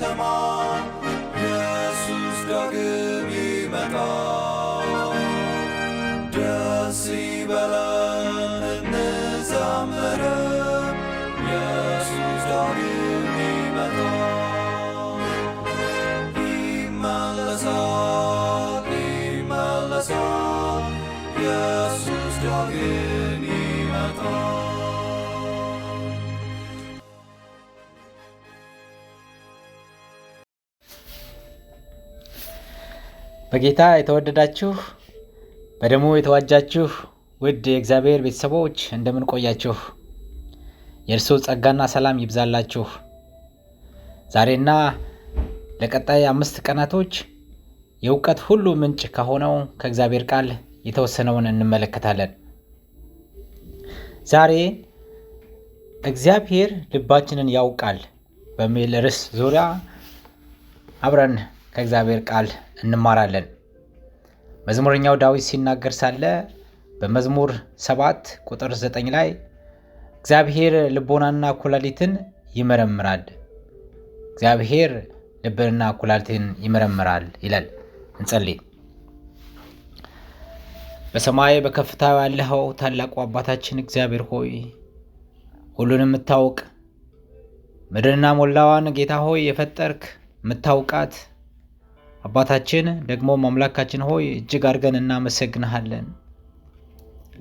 on. በጌታ የተወደዳችሁ በደሞ የተዋጃችሁ ውድ የእግዚአብሔር ቤተሰቦች እንደምን ቆያችሁ? የእርስ ጸጋና ሰላም ይብዛላችሁ። ዛሬና ለቀጣይ አምስት ቀናቶች የእውቀት ሁሉ ምንጭ ከሆነው ከእግዚአብሔር ቃል የተወሰነውን እንመለከታለን። ዛሬ እግዚአብሔር ልባችንን ያውቃል በሚል ርዕስ ዙሪያ አብረን ከእግዚአብሔር ቃል እንማራለን። መዝሙረኛው ዳዊት ሲናገር ሳለ በመዝሙር 7 ቁጥር 9 ላይ እግዚአብሔር ልቦናና ኩላሊትን ይመረምራል፣ እግዚአብሔር ልብንና ኩላሊትን ይመረምራል ይላል። እንጸልይ። በሰማይ በከፍታ ያለኸው ታላቁ አባታችን እግዚአብሔር ሆይ ሁሉን የምታውቅ ምድርና ሞላዋን ጌታ ሆይ የፈጠርክ የምታውቃት አባታችን ደግሞ አምላካችን ሆይ እጅግ አድርገን እናመሰግንሃለን፣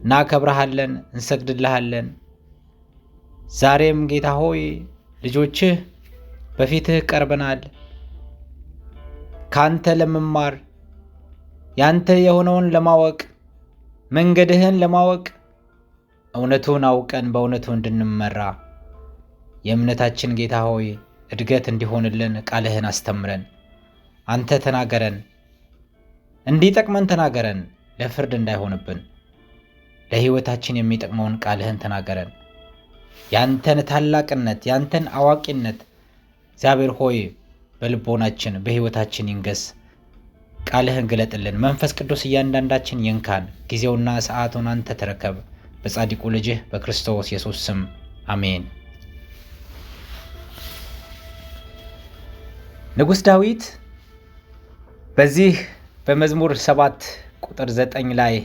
እናከብረሃለን፣ እንሰግድልሃለን። ዛሬም ጌታ ሆይ ልጆችህ በፊትህ ቀርበናል። ካንተ ለመማር ያንተ የሆነውን ለማወቅ መንገድህን ለማወቅ እውነቱን አውቀን በእውነቱ እንድንመራ የእምነታችን ጌታ ሆይ እድገት እንዲሆንልን ቃልህን አስተምረን። አንተ ተናገረን፣ እንዲጠቅመን ተናገረን፣ ለፍርድ እንዳይሆንብን። ለሕይወታችን የሚጠቅመውን ቃልህን ተናገረን። ያንተን ታላቅነት፣ ያንተን አዋቂነት እግዚአብሔር ሆይ በልቦናችን በሕይወታችን ይንገስ። ቃልህን ግለጥልን። መንፈስ ቅዱስ እያንዳንዳችን ይንካን። ጊዜውና ሰዓቱን አንተ ተረከብ። በጻድቁ ልጅህ በክርስቶስ ኢየሱስ ስም አሜን። ንጉሥ ዳዊት በዚህ በመዝሙር ሰባት ቁጥር ዘጠኝ ላይ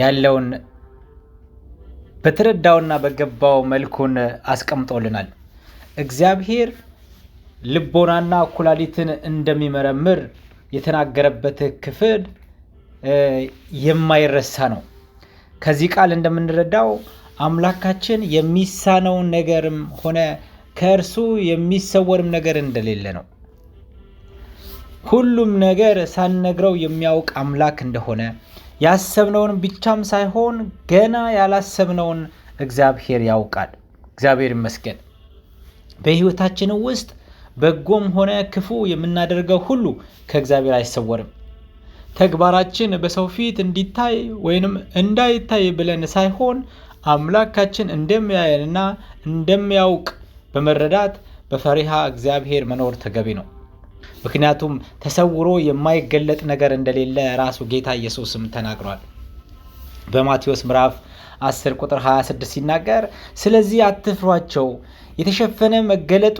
ያለውን በተረዳውና በገባው መልኩን አስቀምጦልናል። እግዚአብሔር ልቦናና ኩላሊትን እንደሚመረምር የተናገረበት ክፍል የማይረሳ ነው። ከዚህ ቃል እንደምንረዳው አምላካችን የሚሳነውን ነገርም ሆነ ከእርሱ የሚሰወርም ነገር እንደሌለ ነው። ሁሉም ነገር ሳንነግረው የሚያውቅ አምላክ እንደሆነ ያሰብነውን ብቻም ሳይሆን ገና ያላሰብነውን እግዚአብሔር ያውቃል። እግዚአብሔር ይመስገን። በሕይወታችን ውስጥ በጎም ሆነ ክፉ የምናደርገው ሁሉ ከእግዚአብሔር አይሰወርም። ተግባራችን በሰው ፊት እንዲታይ ወይንም እንዳይታይ ብለን ሳይሆን አምላካችን እንደሚያየንና እንደሚያውቅ በመረዳት በፈሪሃ እግዚአብሔር መኖር ተገቢ ነው። ምክንያቱም ተሰውሮ የማይገለጥ ነገር እንደሌለ ራሱ ጌታ ኢየሱስም ተናግሯል። በማቴዎስ ምዕራፍ 10 ቁጥር 26 ሲናገር ስለዚህ አትፍሯቸው፣ የተሸፈነ መገለጡ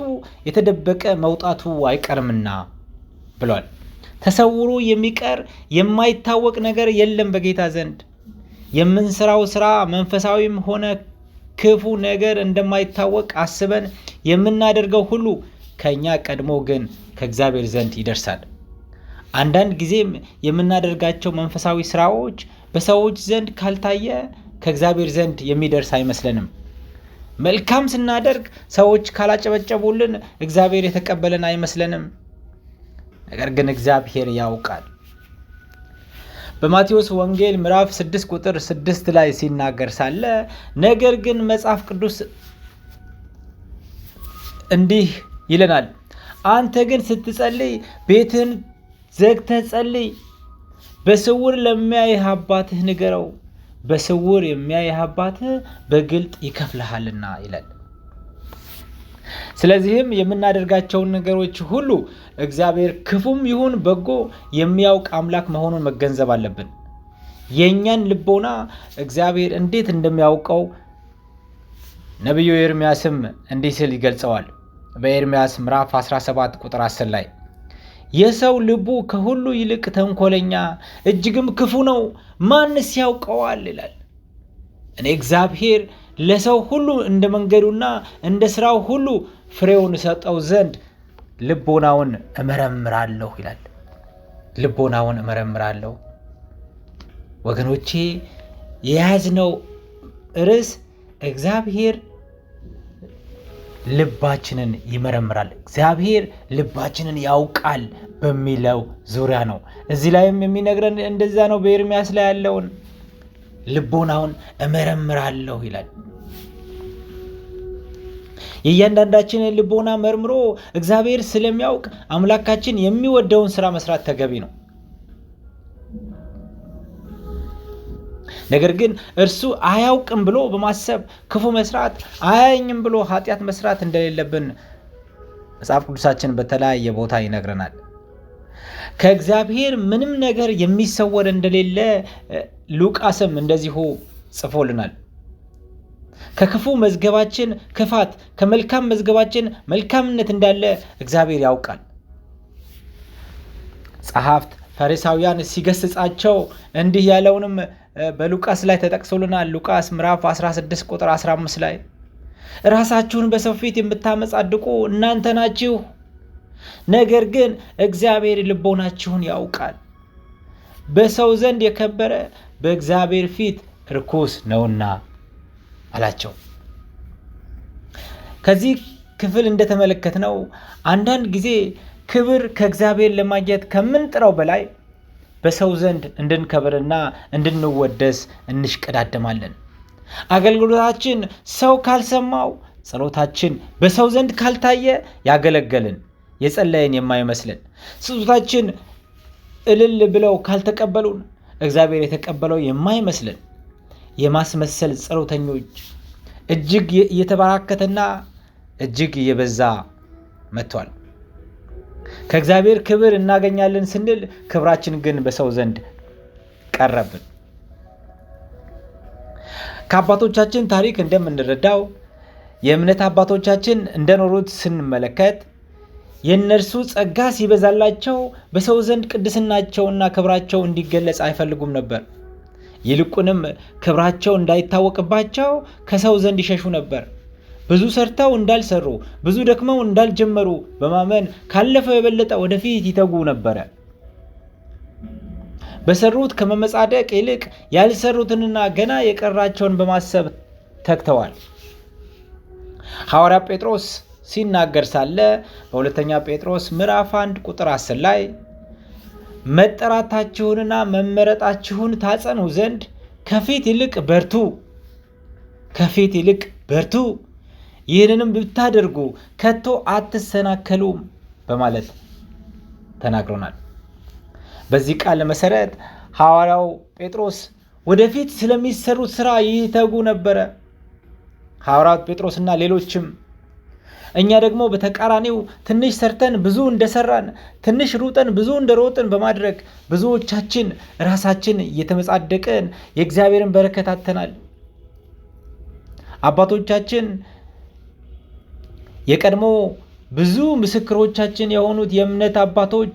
የተደበቀ መውጣቱ አይቀርምና ብሏል። ተሰውሮ የሚቀር የማይታወቅ ነገር የለም በጌታ ዘንድ። የምንስራው ስራ መንፈሳዊም ሆነ ክፉ ነገር እንደማይታወቅ አስበን የምናደርገው ሁሉ ከእኛ ቀድሞ ግን ከእግዚአብሔር ዘንድ ይደርሳል። አንዳንድ ጊዜም የምናደርጋቸው መንፈሳዊ ስራዎች በሰዎች ዘንድ ካልታየ ከእግዚአብሔር ዘንድ የሚደርስ አይመስለንም። መልካም ስናደርግ ሰዎች ካላጨበጨቡልን እግዚአብሔር የተቀበለን አይመስለንም። ነገር ግን እግዚአብሔር ያውቃል። በማቴዎስ ወንጌል ምዕራፍ 6 ቁጥር 6 ላይ ሲናገር ሳለ ነገር ግን መጽሐፍ ቅዱስ እንዲህ ይለናል አንተ ግን ስትጸልይ ቤትህን ዘግተህ ጸልይ። በስውር ለሚያይህ አባትህ ንገረው፣ በስውር የሚያይህ አባትህ በግልጥ ይከፍልሃልና ይላል። ስለዚህም የምናደርጋቸውን ነገሮች ሁሉ እግዚአብሔር ክፉም ይሁን በጎ የሚያውቅ አምላክ መሆኑን መገንዘብ አለብን። የእኛን ልቦና እግዚአብሔር እንዴት እንደሚያውቀው ነቢዩ ኤርምያስም እንዲህ ሲል ይገልጸዋል። በኤርምያስ ምዕራፍ 17 ቁጥር 10 ላይ የሰው ልቡ ከሁሉ ይልቅ ተንኮለኛ እጅግም ክፉ ነው፣ ማንስ ያውቀዋል ይላል። እኔ እግዚአብሔር ለሰው ሁሉ እንደ መንገዱና እንደ ስራው ሁሉ ፍሬውን ሰጠው ዘንድ ልቦናውን እመረምራለሁ ይላል። ልቦናውን እመረምራለሁ። ወገኖቼ የያዝነው ርዕስ እግዚአብሔር ልባችንን ይመረምራል፣ እግዚአብሔር ልባችንን ያውቃል በሚለው ዙሪያ ነው። እዚህ ላይም የሚነግረን እንደዛ ነው። በኤርሚያስ ላይ ያለውን ልቦናውን እመረምራለሁ ይላል። የእያንዳንዳችንን ልቦና መርምሮ እግዚአብሔር ስለሚያውቅ አምላካችን የሚወደውን ስራ መስራት ተገቢ ነው። ነገር ግን እርሱ አያውቅም ብሎ በማሰብ ክፉ መስራት፣ አያኝም ብሎ ኃጢአት መስራት እንደሌለብን መጽሐፍ ቅዱሳችን በተለያየ ቦታ ይነግረናል። ከእግዚአብሔር ምንም ነገር የሚሰወር እንደሌለ ሉቃስም እንደዚሁ ጽፎልናል። ከክፉ መዝገባችን ክፋት፣ ከመልካም መዝገባችን መልካምነት እንዳለ እግዚአብሔር ያውቃል። ጸሐፍት ፈሪሳውያን ሲገስጻቸው እንዲህ ያለውንም በሉቃስ ላይ ተጠቅሶልናል። ሉቃስ ምዕራፍ 16 ቁጥር 15 ላይ ራሳችሁን በሰው ፊት የምታመጻድቁ እናንተ ናችሁ፣ ነገር ግን እግዚአብሔር ልቦናችሁን ያውቃል፣ በሰው ዘንድ የከበረ በእግዚአብሔር ፊት ርኩስ ነውና አላቸው። ከዚህ ክፍል እንደተመለከትነው አንዳንድ ጊዜ ክብር ከእግዚአብሔር ለማግኘት ከምንጥረው በላይ በሰው ዘንድ እንድንከብርና እንድንወደስ እንሽቀዳደማለን። አገልግሎታችን ሰው ካልሰማው፣ ጸሎታችን በሰው ዘንድ ካልታየ ያገለገልን የጸለይን የማይመስልን ስጦታችን እልል ብለው ካልተቀበሉን እግዚአብሔር የተቀበለው የማይመስልን የማስመሰል ጸሎተኞች እጅግ እየተበራከተና እጅግ እየበዛ መጥቷል። ከእግዚአብሔር ክብር እናገኛለን ስንል ክብራችን ግን በሰው ዘንድ ቀረብን። ከአባቶቻችን ታሪክ እንደምንረዳው የእምነት አባቶቻችን እንደኖሩት ስንመለከት የእነርሱ ጸጋ ሲበዛላቸው በሰው ዘንድ ቅድስናቸውና ክብራቸው እንዲገለጽ አይፈልጉም ነበር። ይልቁንም ክብራቸው እንዳይታወቅባቸው ከሰው ዘንድ ይሸሹ ነበር። ብዙ ሰርተው እንዳልሰሩ፣ ብዙ ደክመው እንዳልጀመሩ በማመን ካለፈው የበለጠ ወደፊት ይተጉ ነበረ። በሰሩት ከመመጻደቅ ይልቅ ያልሰሩትንና ገና የቀራቸውን በማሰብ ተግተዋል። ሐዋርያ ጴጥሮስ ሲናገር ሳለ በሁለተኛ ጴጥሮስ ምዕራፍ 1 ቁጥር 10 ላይ መጠራታችሁንና መመረጣችሁን ታጸኑ ዘንድ ከፊት ይልቅ በርቱ፣ ከፊት ይልቅ በርቱ ይህንንም ብታደርጉ ከቶ አትሰናከሉም በማለት ተናግሮናል። በዚህ ቃል መሰረት ሐዋርያው ጴጥሮስ ወደፊት ስለሚሰሩት ስራ ይተጉ ነበረ። ሐዋርያው ጴጥሮስና ሌሎችም እኛ ደግሞ በተቃራኒው ትንሽ ሰርተን ብዙ እንደሰራን ትንሽ ሩጠን ብዙ እንደሮጥን በማድረግ ብዙዎቻችን ራሳችን እየተመጻደቅን የእግዚአብሔርን በረከት አተናል። አባቶቻችን የቀድሞ ብዙ ምስክሮቻችን የሆኑት የእምነት አባቶች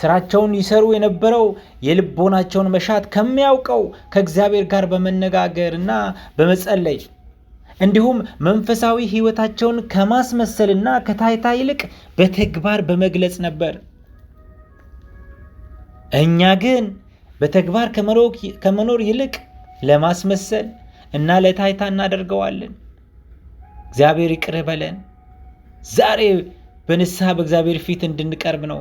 ስራቸውን ይሰሩ የነበረው የልቦናቸውን መሻት ከሚያውቀው ከእግዚአብሔር ጋር በመነጋገር እና በመጸለይ እንዲሁም መንፈሳዊ ሕይወታቸውን ከማስመሰልና ከታይታ ይልቅ በተግባር በመግለጽ ነበር። እኛ ግን በተግባር ከመኖር ይልቅ ለማስመሰል እና ለታይታ እናደርገዋለን። እግዚአብሔር ይቅር በለን። ዛሬ በንስሐ በእግዚአብሔር ፊት እንድንቀርብ ነው።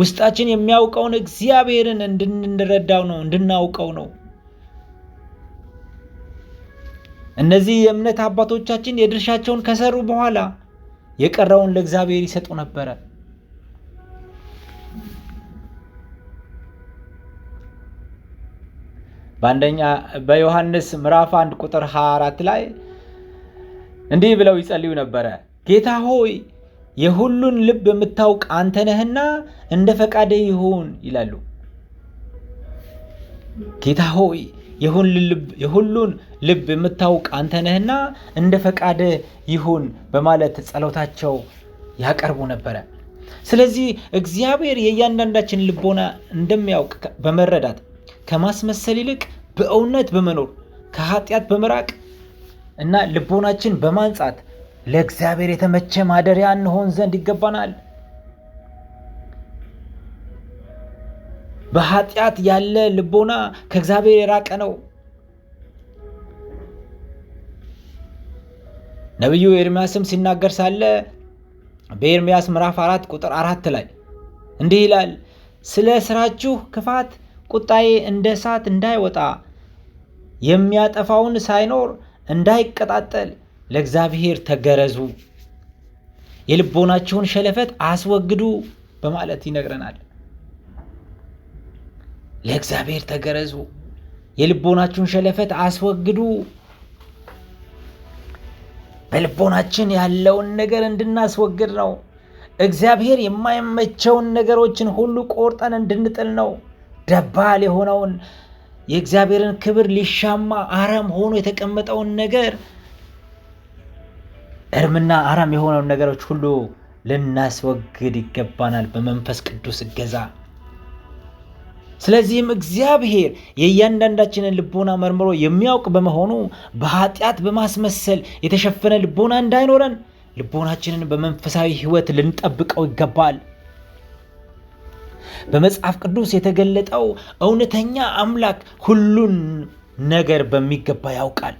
ውስጣችን የሚያውቀውን እግዚአብሔርን እንድንረዳው ነው፣ እንድናውቀው ነው። እነዚህ የእምነት አባቶቻችን የድርሻቸውን ከሰሩ በኋላ የቀረውን ለእግዚአብሔር ይሰጡ ነበረ። በአንደኛ በዮሐንስ ምዕራፍ 1 ቁጥር 24 ላይ እንዲህ ብለው ይጸልዩ ነበረ። ጌታ ሆይ የሁሉን ልብ የምታውቅ አንተ ነህና እንደ ፈቃደ ይሁን ይላሉ። ጌታ ሆይ የሁሉን ልብ የምታውቅ አንተ ነህና እንደ ፈቃደ ይሁን በማለት ጸሎታቸው ያቀርቡ ነበረ። ስለዚህ እግዚአብሔር የእያንዳንዳችን ልቦና እንደሚያውቅ በመረዳት ከማስመሰል ይልቅ በእውነት በመኖር ከኃጢአት በመራቅ እና ልቦናችን በማንጻት ለእግዚአብሔር የተመቸ ማደሪያ እንሆን ዘንድ ይገባናል። በኃጢአት ያለ ልቦና ከእግዚአብሔር የራቀ ነው። ነቢዩ ኤርምያስም ሲናገር ሳለ በኤርምያስ ምዕራፍ አራት ቁጥር አራት ላይ እንዲህ ይላል፣ ስለ ስራችሁ ክፋት ቁጣዬ እንደ እሳት እንዳይወጣ የሚያጠፋውን ሳይኖር እንዳይቀጣጠል ለእግዚአብሔር ተገረዙ፣ የልቦናቸውን ሸለፈት አስወግዱ በማለት ይነግረናል። ለእግዚአብሔር ተገረዙ፣ የልቦናችሁን ሸለፈት አስወግዱ። በልቦናችን ያለውን ነገር እንድናስወግድ ነው። እግዚአብሔር የማይመቸውን ነገሮችን ሁሉ ቆርጠን እንድንጥል ነው። ደባል የሆነውን የእግዚአብሔርን ክብር ሊሻማ አረም ሆኖ የተቀመጠውን ነገር እርምና አራም የሆነውን ነገሮች ሁሉ ልናስወግድ ይገባናል በመንፈስ ቅዱስ እገዛ። ስለዚህም እግዚአብሔር የእያንዳንዳችንን ልቦና መርምሮ የሚያውቅ በመሆኑ በኃጢአት በማስመሰል የተሸፈነ ልቦና እንዳይኖረን ልቦናችንን በመንፈሳዊ ሕይወት ልንጠብቀው ይገባል። በመጽሐፍ ቅዱስ የተገለጠው እውነተኛ አምላክ ሁሉን ነገር በሚገባ ያውቃል።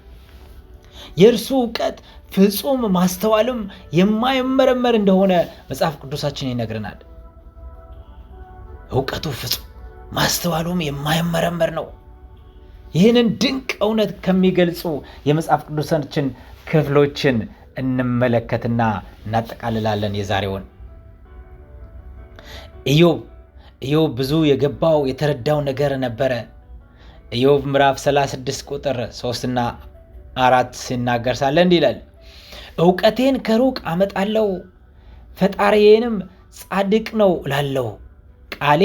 የእርሱ እውቀት ፍጹም ማስተዋልም የማይመረመር እንደሆነ መጽሐፍ ቅዱሳችን ይነግረናል። እውቀቱ ፍጹም ማስተዋሉም የማይመረመር ነው። ይህንን ድንቅ እውነት ከሚገልጹ የመጽሐፍ ቅዱሳችን ክፍሎችን እንመለከትና እናጠቃልላለን የዛሬውን ኢዮብ ኢዮብ ብዙ የገባው የተረዳው ነገር ነበረ። ኢዮብ ምዕራፍ 36 ቁጥር 3 እና አራት ሲናገር ሳለ እንዲህ ይላል፣ እውቀቴን ከሩቅ አመጣለሁ፣ ፈጣሪዬንም ጻድቅ ነው እላለሁ፣ ቃሌ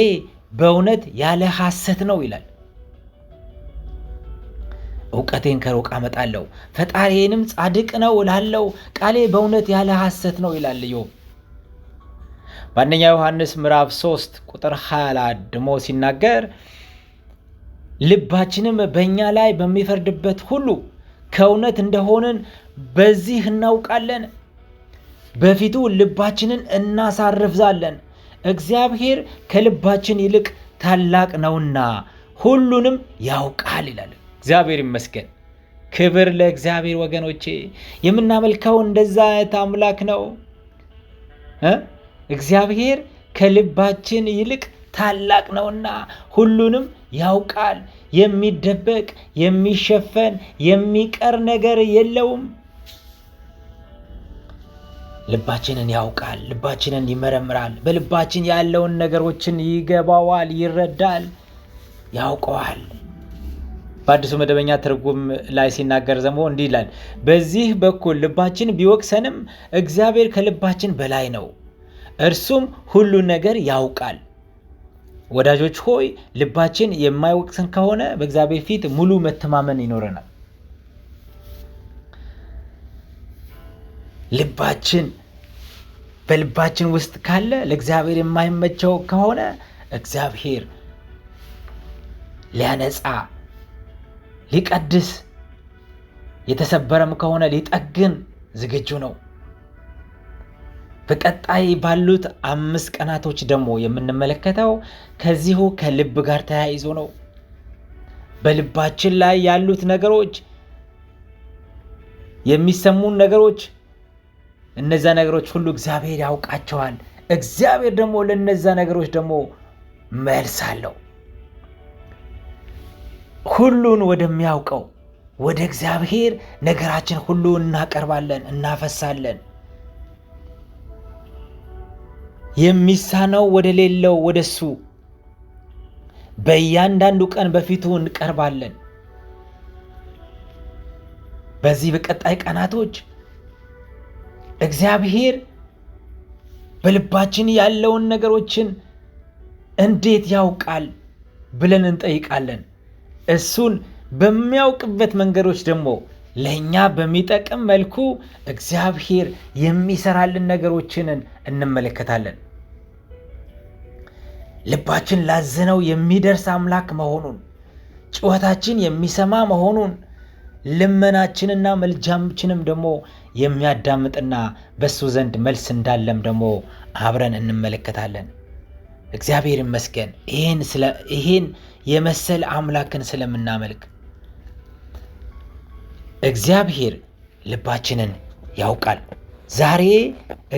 በእውነት ያለ ሐሰት ነው ይላል። እውቀቴን ከሩቅ አመጣለሁ፣ ፈጣሪዬንም ጻድቅ ነው እላለሁ፣ ቃሌ በእውነት ያለ ሐሰት ነው ይላል እውቀቴን ከሩቅ አመጣለሁ ፈጣሪዬንም ጻድቅ ነው እላለሁ ቃሌ በእውነት ያለ ሐሰት ነው ይላል ዮ በአንደኛ ዮሐንስ ምዕራፍ 3 ቁጥር 24 ድሞ ሲናገር ልባችንም በእኛ ላይ በሚፈርድበት ሁሉ ከእውነት እንደሆንን በዚህ እናውቃለን። በፊቱ ልባችንን እናሳርፍዛለን፣ እግዚአብሔር ከልባችን ይልቅ ታላቅ ነውና ሁሉንም ያውቃል ይላል። እግዚአብሔር ይመስገን። ክብር ለእግዚአብሔር ወገኖቼ። የምናመልከው እንደዛ አይነት አምላክ ነው። እግዚአብሔር ከልባችን ይልቅ ታላቅ ነውና ሁሉንም ያውቃል። የሚደበቅ የሚሸፈን የሚቀር ነገር የለውም። ልባችንን ያውቃል። ልባችንን ይመረምራል። በልባችን ያለውን ነገሮችን ይገባዋል፣ ይረዳል፣ ያውቀዋል። በአዲሱ መደበኛ ትርጉም ላይ ሲናገር ዘሞ እንዲህ ይላል፣ በዚህ በኩል ልባችን ቢወቅሰንም እግዚአብሔር ከልባችን በላይ ነው፣ እርሱም ሁሉን ነገር ያውቃል። ወዳጆች ሆይ ልባችን የማይወቅሰን ከሆነ በእግዚአብሔር ፊት ሙሉ መተማመን ይኖረናል። ልባችን በልባችን ውስጥ ካለ ለእግዚአብሔር የማይመቸው ከሆነ እግዚአብሔር ሊያነጻ ሊቀድስ የተሰበረም ከሆነ ሊጠግን ዝግጁ ነው። በቀጣይ ባሉት አምስት ቀናቶች ደግሞ የምንመለከተው ከዚሁ ከልብ ጋር ተያይዞ ነው። በልባችን ላይ ያሉት ነገሮች፣ የሚሰሙን ነገሮች፣ እነዛ ነገሮች ሁሉ እግዚአብሔር ያውቃቸዋል። እግዚአብሔር ደግሞ ለነዛ ነገሮች ደግሞ መልስ አለው። ሁሉን ወደሚያውቀው ወደ እግዚአብሔር ነገራችን ሁሉ እናቀርባለን፣ እናፈሳለን። የሚሳነው ወደ ሌለው ወደ እሱ በእያንዳንዱ ቀን በፊቱ እንቀርባለን። በዚህ በቀጣይ ቀናቶች እግዚአብሔር በልባችን ያለውን ነገሮችን እንዴት ያውቃል ብለን እንጠይቃለን። እሱን በሚያውቅበት መንገዶች ደግሞ ለእኛ በሚጠቅም መልኩ እግዚአብሔር የሚሰራልን ነገሮችንን እንመለከታለን። ልባችን ላዝነው የሚደርስ አምላክ መሆኑን፣ ጩኸታችን የሚሰማ መሆኑን፣ ልመናችንና መልጃችንም ደግሞ የሚያዳምጥና በሱ ዘንድ መልስ እንዳለም ደግሞ አብረን እንመለከታለን። እግዚአብሔር ይመስገን ይሄን የመሰለ አምላክን ስለምናመልክ። እግዚአብሔር ልባችንን ያውቃል። ዛሬ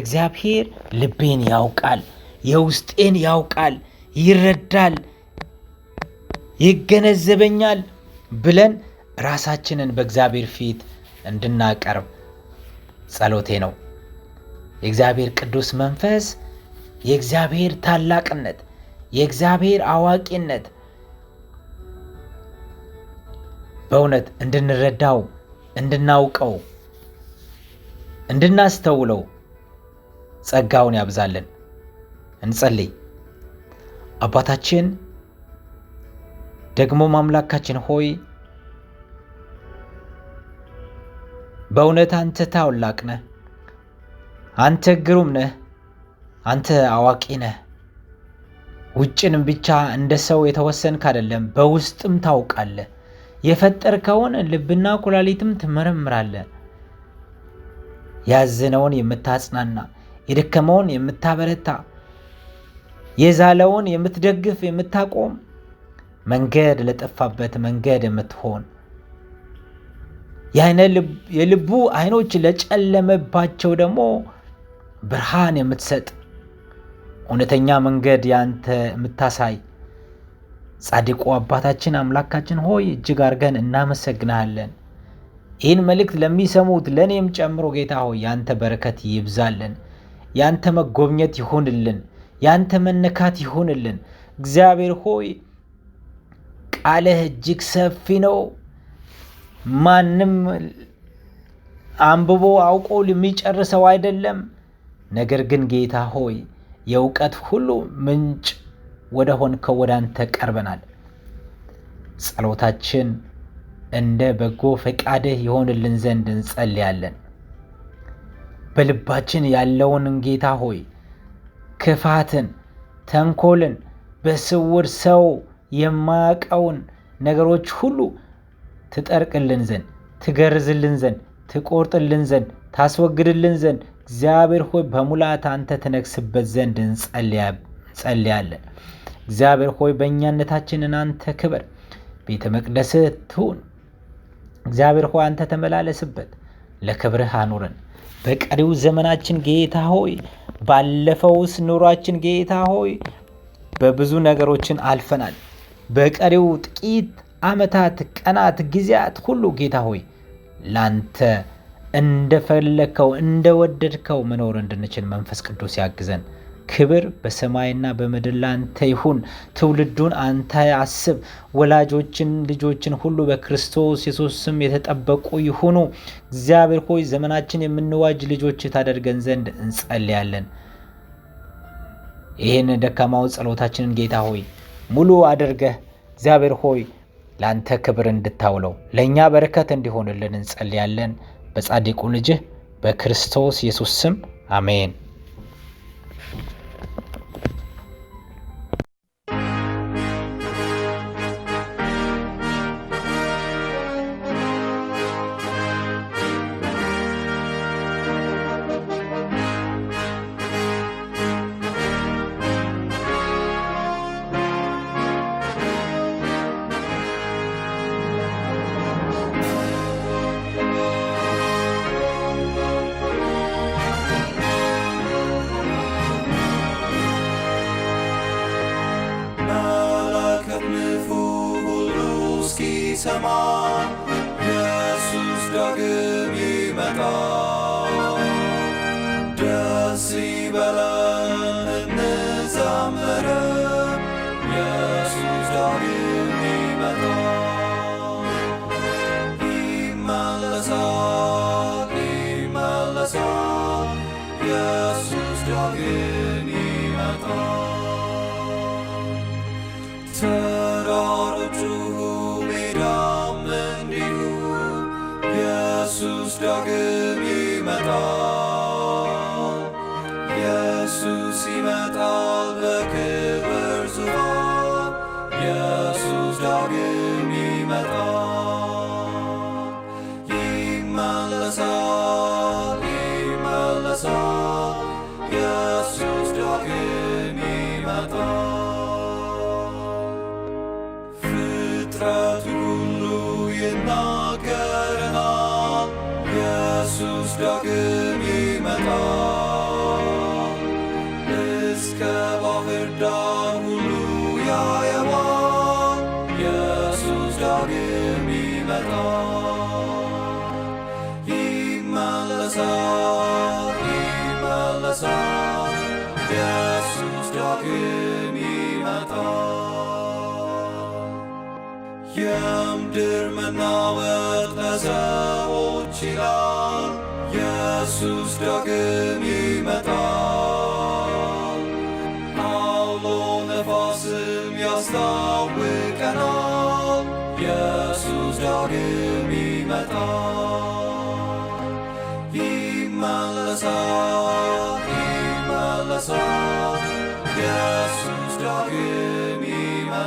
እግዚአብሔር ልቤን ያውቃል፣ የውስጤን ያውቃል፣ ይረዳል፣ ይገነዘበኛል ብለን ራሳችንን በእግዚአብሔር ፊት እንድናቀርብ ጸሎቴ ነው። የእግዚአብሔር ቅዱስ መንፈስ የእግዚአብሔር ታላቅነት፣ የእግዚአብሔር አዋቂነት በእውነት እንድንረዳው፣ እንድናውቀው፣ እንድናስተውለው ጸጋውን ያብዛልን። እንጸልይ። አባታችን ደግሞ አምላካችን ሆይ በእውነት አንተ ታውላቅ ነህ፣ አንተ ግሩም ነህ፣ አንተ አዋቂ ነህ። ውጭንም ብቻ እንደ ሰው የተወሰንክ አይደለም፣ በውስጥም ታውቃለህ። የፈጠርከውን ልብና ኩላሊትም ትመረምራለህ። ያዘነውን የምታጽናና የደከመውን የምታበረታ የዛለውን የምትደግፍ የምታቆም መንገድ ለጠፋበት መንገድ የምትሆን የልቡ አይኖች ለጨለመባቸው ደግሞ ብርሃን የምትሰጥ እውነተኛ መንገድ ያንተ የምታሳይ ጻድቁ አባታችን አምላካችን ሆይ እጅግ አድርገን እናመሰግናለን። ይህን መልእክት ለሚሰሙት ለእኔም ጨምሮ ጌታ ሆይ ያንተ በረከት ይብዛልን፣ ያንተ መጎብኘት ይሁንልን። ያንተ መነካት ይሆንልን። እግዚአብሔር ሆይ ቃልህ እጅግ ሰፊ ነው። ማንም አንብቦ አውቆ የሚጨርሰው አይደለም። ነገር ግን ጌታ ሆይ የእውቀት ሁሉ ምንጭ ወደ ሆንከው ወደ አንተ ቀርበናል። ጸሎታችን እንደ በጎ ፈቃድህ ይሆንልን ዘንድ እንጸልያለን። በልባችን ያለውን ጌታ ሆይ ክፋትን፣ ተንኮልን፣ በስውር ሰው የማያውቀውን ነገሮች ሁሉ ትጠርቅልን ዘንድ ትገርዝልን ዘንድ ትቆርጥልን ዘንድ ታስወግድልን ዘንድ እግዚአብሔር ሆይ በሙላት አንተ ትነግስበት ዘንድ እንጸልያለን። እግዚአብሔር ሆይ በእኛነታችንን አንተ ክበር፣ ቤተ መቅደስ ትሁን። እግዚአብሔር ሆይ አንተ ተመላለስበት፣ ለክብርህ አኑረን በቀሪው ዘመናችን ጌታ ሆይ ባለፈውስ ኑሯችን ጌታ ሆይ በብዙ ነገሮችን አልፈናል። በቀሪው ጥቂት ዓመታት፣ ቀናት፣ ጊዜያት ሁሉ ጌታ ሆይ ላንተ እንደፈለግከው እንደወደድከው መኖር እንድንችል መንፈስ ቅዱስ ያግዘን። ክብር በሰማይና በምድር ላንተ ይሁን። ትውልዱን አንተ አስብ። ወላጆችን ልጆችን ሁሉ በክርስቶስ ኢየሱስ ስም የተጠበቁ ይሁኑ። እግዚአብሔር ሆይ ዘመናችን የምንዋጅ ልጆች ታደርገን ዘንድ እንጸልያለን። ይህን ደካማው ጸሎታችንን ጌታ ሆይ ሙሉ አድርገህ እግዚአብሔር ሆይ ለአንተ ክብር እንድታውለው ለእኛ በረከት እንዲሆንልን እንጸልያለን። በጻድቁ ልጅህ በክርስቶስ ኢየሱስ ስም አሜን። ኢየሱስ ዳግም ይመጣል። ኢየሱስ ይመጣል። ይመለሳል ይመለሳል ኢየሱስ ዳግም ይመጣል።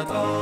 Shabbat